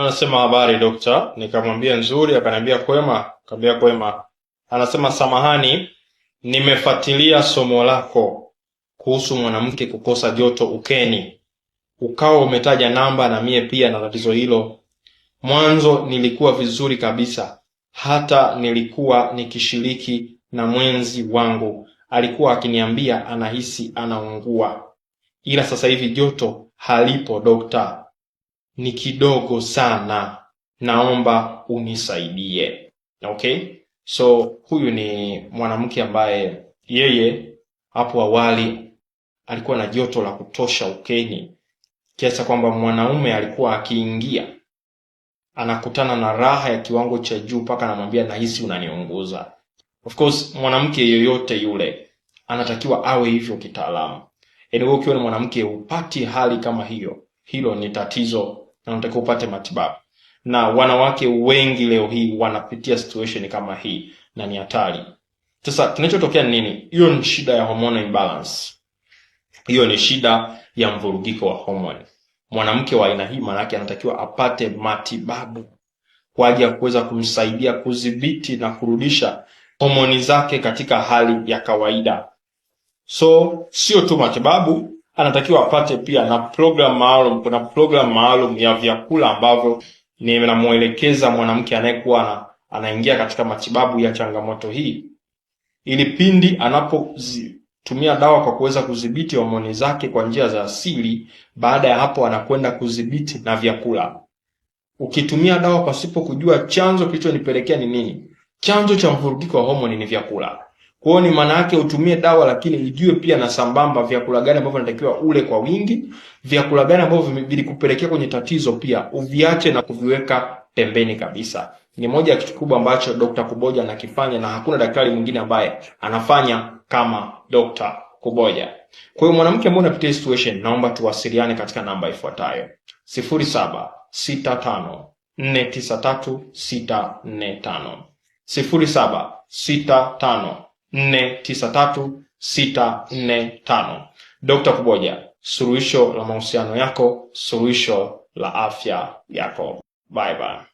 anasema habari dokta, nikamwambia nzuri, akaniambia kwema, akaniambia kwema. Anasema samahani, nimefuatilia somo lako kuhusu mwanamke kukosa joto ukeni, ukawa umetaja namba, na mie pia na tatizo hilo. Mwanzo nilikuwa vizuri kabisa, hata nilikuwa nikishiriki na mwenzi wangu, alikuwa akiniambia anahisi anaungua, ila sasa hivi joto halipo dokta ni kidogo sana, naomba unisaidie. Okay, so huyu ni mwanamke ambaye yeye hapo awali alikuwa na joto la kutosha ukeni, kiasi kwamba mwanaume alikuwa akiingia anakutana na raha ya kiwango cha juu mpaka anamwambia nahisi unaniunguza. Of course mwanamke yoyote yule anatakiwa awe hivyo kitaalamu. Yaani ukiwa ni mwanamke upati hali kama hiyo, hilo ni tatizo na unatakiwa upate matibabu. Na wanawake wengi leo hii wanapitia situation kama hii na ni hatari. Sasa kinachotokea ni nini? Hiyo ni shida ya hormone imbalance, hiyo ni shida ya mvurugiko wa hormone Mwanamke wa aina hii maanake anatakiwa apate matibabu kwa ajili ya kuweza kumsaidia kudhibiti na kurudisha homoni zake katika hali ya kawaida. So sio tu matibabu anatakiwa apate pia na program maalum. Kuna program maalum ya vyakula ambavyo ninamwelekeza mwanamke anayekuwa anaingia katika matibabu ya changamoto hii, ili pindi anapotumia dawa kwa kuweza kudhibiti homoni zake kwa njia za asili, baada ya hapo anakwenda kudhibiti na vyakula. Ukitumia dawa pasipo kujua chanzo kilichonipelekea ni nini, chanzo cha mvurugiko wa homoni ni vyakula. Kwa hiyo ni maana yake utumie dawa, lakini ijue pia na sambamba vyakula gani ambavyo unatakiwa ule kwa wingi, vyakula gani ambavyo vilikupelekea kwenye tatizo pia uviache na kuviweka pembeni kabisa. Ni moja ya kitu kubwa ambacho Dr. Kuboja anakifanya na hakuna daktari mwingine ambaye anafanya kama Dr. Kuboja. Kwa hiyo mwanamke ambaye unapitia situation, naomba tuwasiliane katika namba ifuatayo: 0765 0765 493645. dokta Kuboja, suluhisho la mahusiano yako, suluhisho la afya yako. Bye bye.